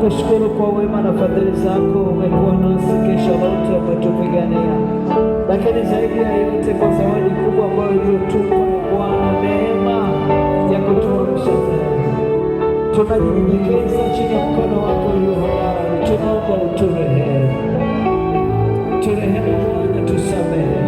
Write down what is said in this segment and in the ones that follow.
tunakushukuru kwa wema na fadhili zako, umekuwa nasi kesha lote, umetupigania, lakini zaidi ya yote kwa zawadi kubwa ambayo uliotupa Bwana, neema ya kutuamsha tena. Tunajinyenyekeza chini ya mkono wako ulio hodari, tunaomba uturehemu, turehemu tusamehe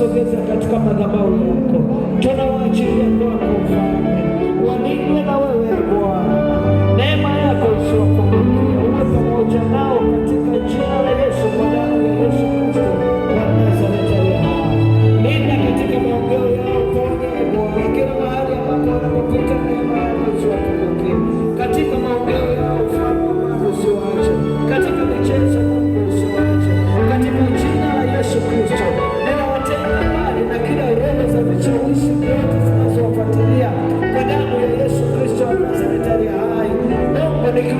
tunawasogeza katika madhabahu yako, tunawaachilia kwako Mfalme, walinde na wewe Bwana, neema yako isiwapungukie, uwe pamoja nao katika jina la Yesu, kwa damu ya Yesu Kristo wa Nazareti. Linda katika maongeo yao Bwana, kila mahali ambapo wanapopita, neema yako isiwapungukie katika maongeo Republic